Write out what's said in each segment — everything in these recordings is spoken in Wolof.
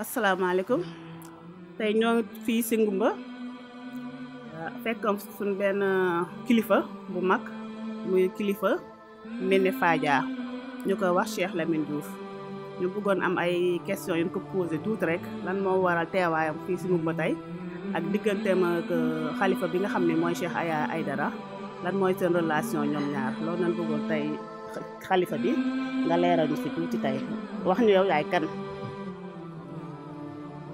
asalaamaaleykum tey ñoo ngi fii si Ngumba fekkoon suñ benn kilifa bu mag muy kilifa Méné faaja ñu koy wax Cheikh Lamine Diouf ñu bëggoon am ay question yu ñu ko posé rek lan moo waral teewaayam fii si Ngumba tey ak digganteem euh, xalifa bi nga xam ne mooy Cheikh ay dara lan mooy seen relation ñoom ñaar loolu nañ bëggoon tey xalifa bi nga leeral ñu si tuuti tey wax ñu yow yaay kan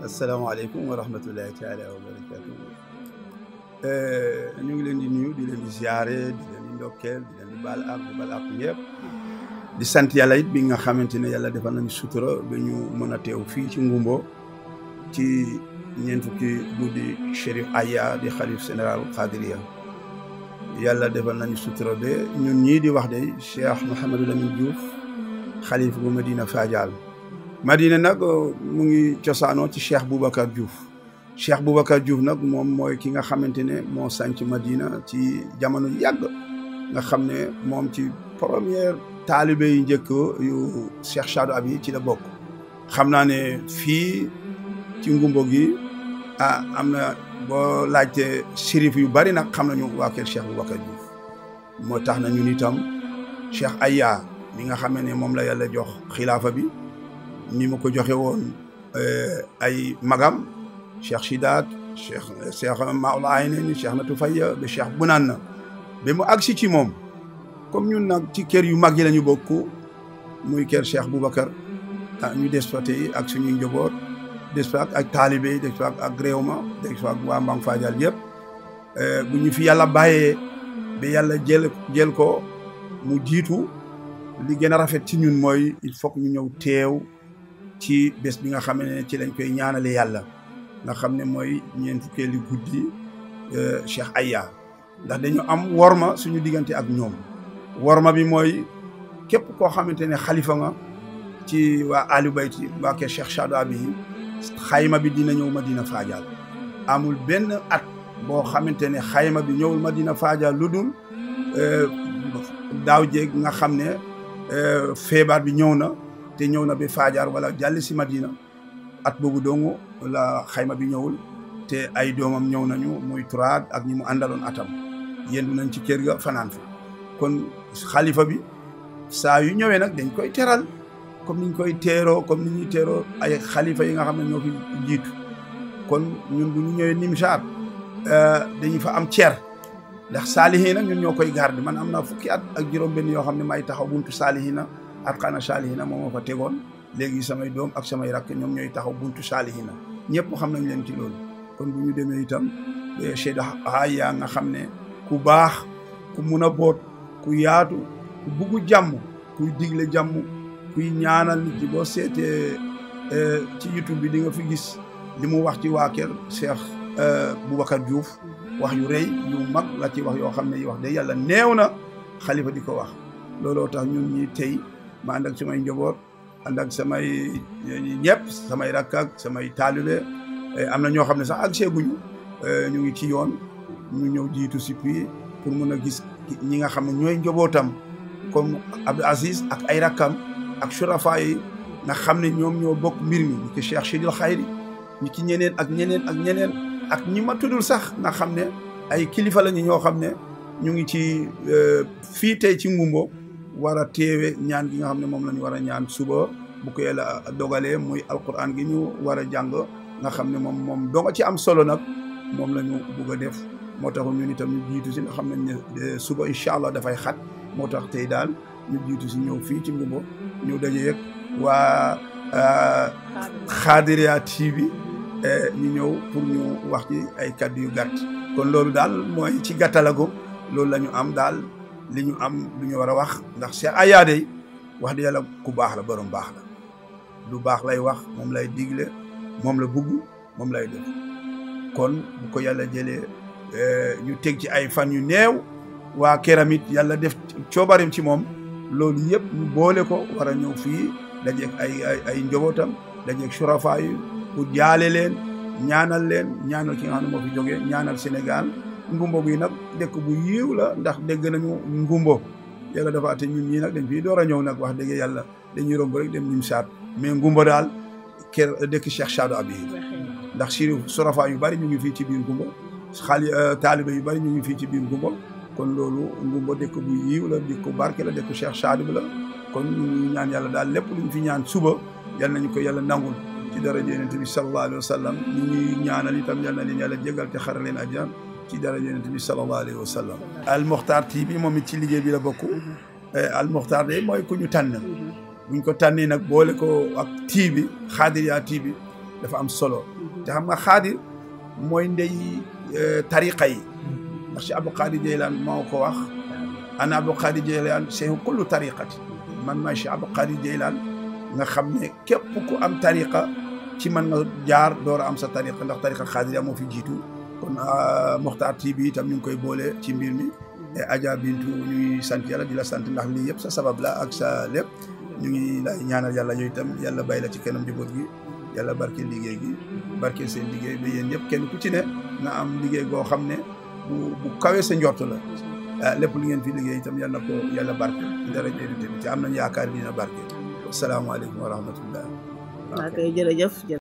asalaamaaleykum wa rahmatullahi taala wa barakaatu euh, ñu ngi leen di nuyu di leen di ziare di leen di ndokkeel di leen di baal ak di baal ak ñëpp di sant yàlla it bi nga xamante ne yàlla defal nañu sutura ba ñu mën a teew fii ci ngumbo ci ñeent fukki guddi Chérif Aya di xalif général Xaadiriya yàlla defal nañu sutura ba ñun ñii di wax de Cheikh Mouhamadou Lamine Diouf xalif bu Medina Fadial Madina nag euh, mu ngi cosaanoo ci Cheikh Boubacar Diouf Cheikh Boubacar juuf nag moom mooy ki nga xamante ne moo sànc Madina ci jamono yàgg nga xam ne moom ci première taalibe yu njëkk yu Cheikh Sadou ab ci la bokk xam naa ne fii ci ngumbo gi a ah, am na boo laajte shérif yu bari nag xam nañu waa kër Cheikh Boubacar Diouf moo tax na ñun itam Cheikh Aya mi nga xam ne moom la yàlla jox xilaafa bi ni ma ko joxe woon eh, ay magam cheikh Chidaat cheikh cheikh Maola Aynani cheikh na Tufaya ba cheikh Bunaan na ba mu si ci moom comme ñun nag ci kër yu mag yi la ñu bokk muy kër cheikh Boubacar ah ñu des fa ak suñuy njaboot des fa ak ak taalibe des fa ma des fa ak waa Mbang Fadial yëpp eh, bu ñu fi yàlla bàyyee ba yàlla jël jël ko mu jiitu li gën a rafet ci ñun mooy il faut ñu ñëw teew. ci bés bi nga xam ne ci lañ koy ñaanale yàlla nga xam ne mooy ñeent fukkeeli guddi euh, Cheikh Aya ndax dañu am worma suñu diggante ak ñoom worma bi mooy képp koo xamante ne xalifa nga ci waa Aliou Bayti waa kër Cheikh bi Abiy xayma bi dina ñëw dina Fadial amul benn at boo xamante ne xayma bi ñëwul dina Fadial lu dul euh, daaw jéeg nga xam ne euh, feebar bi ñëw na. te ñëw na ba Faajaar wala jàll si Madina at boobu dong la xayma bi ñëwul te ay doomam ñëw nañu muy turaat ak ñi mu àndaloon atam yendu nañ ci kër ga fanaan fi kon xalifa bi saa yu ñëwee nag dañ koy teral comme niñ koy teeroo comme ni ñuy teeroo ay xalifa yi nga xam ne ñoo fi jiitu kon ñun bu ñu ñëwee Nimsaat euh, dañu fa am ceer ndax saalihiina ñun ñoo koy garder man am na fukki at ak juróom-benn yoo xam ne may taxaw buntu saalihiina ak arkaana saalihina moom ma fa tegoon léegi samay doom ak samay rakk ñoom ñooy taxaw buntu saalihina ñëpp xam nañu leen ci loolu kon bu ñu demee itam Cheikh Aya nga xam ne ku baax ku mun a boot ku yaatu ku bugg jàmm kuy digle jàmm ku ñaanal nit ci boo eh, ci YouTube bi di nga fi gis li mu wax ci waa kër bu eh, Boubacar Diouf wax yu rey yu mag la ci wax yoo xam ne yi wax de yàlla neew na xalifa di ko wax looloo tax ñun ñi tey ma ànd ak samay njaboot ànd ak samay eh, ñëpp samay rakk samay taalibe eh, am na ñoo xam ne sax ak seeguñu eh, ñu ngi ci yoon ñu ñëw jiitu si puis pour mun a gis ñi nga xam ne ñooy njabootam comme Abdou Aziz ak ay rakkam ak surafa yi nga xam ne ñoom ñoo bokk mbir mi ñi ki Cheikh Chidil Khayri ñi ñeneen ak ñeneen ak ñeneen ak ñi ma tuddul sax nga xam ne ay kilifa lañu ñoo xam ne ñu ngi ci fii tey ci ngumbo war a teewe ñaan gi nga xam ne moom la ñu war a ñaan suba bu a yàlla dogalee muy alquran gi ñu war a jàng nga xam ne moom moom doo ci am solo nag moom la ñu bugg a def moo tax ñun itam si xam nañ ne suba incha allah dafay xat moo tax tey daal ñu jiitu si ñëw fii ci Ngouba ñu daje yëg waa Xaadiriya euh, TV eh, ñu ñëw pour ñu wax ci ay kadd yu gàtt kon loolu daal mooy ci gàttalagum loolu la ñu am daal li ñu am lu ñu war a wax ndax Cheikh Aya day wax di yàlla ku baax la borom baax la lu baax lay wax moom lay digle moom la bugg moom lay def kon bu ko yàlla jëlee eh, ñu teg ci ay fan yu neew waa këram it yàlla def coobarim ci moom loolu yëpp ñu boole ko war a ñëw fii dajeeg ay ay ay njobootam dajeeg surafa yi ku jaale leen ñaanal leen ñaanal ki nga xam ne moo fi ñaanal Sénégal ngumbo bi nag dëkk bu yiiw la ndax dégg nañu ngumbo yàlla dafa ate ñun ñii nag dañ fii door a ñëw nag wax dëgg yàlla dañuy romb rek dem ñim saat mais ngumbo daal kër dëkk Cheikh Saadu Abi ndax siri surafa yu bari ñu ngi fii ci biir ngumbo xaali euh, taaliba yu bari ñu ngi fii ci biir ngumbo kon loolu ngumbo dekk bu yiiw la dëkk bu barke la dëkk Cheikh Saadu bi la kon ñu ñaan yàlla daal lépp luñ fi ñaan suba yal nañu ko yàlla nangul ci daraja yonent bi sallallahu alayhi wa sallam ñu ñuy ñaanal itam yal na leen yàlla jégal te xara leen ajjana ci dara yonent bi sallallahu alayhi wa sallam Al Mokhtar TV moom it ci liggéey bi la bokk eh, Al Mokhtar de mooy ku ñu tànn buñ ko tànnee nag boole ko ak TV xaadir yaa TV dafa am solo te xam nga xaadir mooy ndey eh, tariqa yi ndax si Abou Khadi Jeylaan moo ko wax ana Abou Khadi Jeylaan seexu kullu tariqati man maay si Abou Khadi Jeylaan nga xam ne képp ku am tariqa ci man nga jaar door a am sa tariqa ndax tariqa xaadir yaa moo fi jiitu kon ah, Mokhtar TV itam ñu ngi koy boole ci mbir mi. et Adja Bintu ñuy sant yàlla di la sant ndax lii yëpp sa sabab la ak sa lépp. ñu ngi lay ñaanal yàlla yooyu itam yàlla bàyyi la ci kanam njaboot gi yàlla barkeel liggéey gi barkeel seen liggéey bi yéen yëpp kenn ku ci ne na am liggéey goo xam ne bu bu kawee sa njort la ah, lépp lu ngeen fi liggéey itam yal na ko yàlla barke dara jëriñ tamit am nañu yaakaar dina barke asalaamaaleykum wa rahmatullah. waaw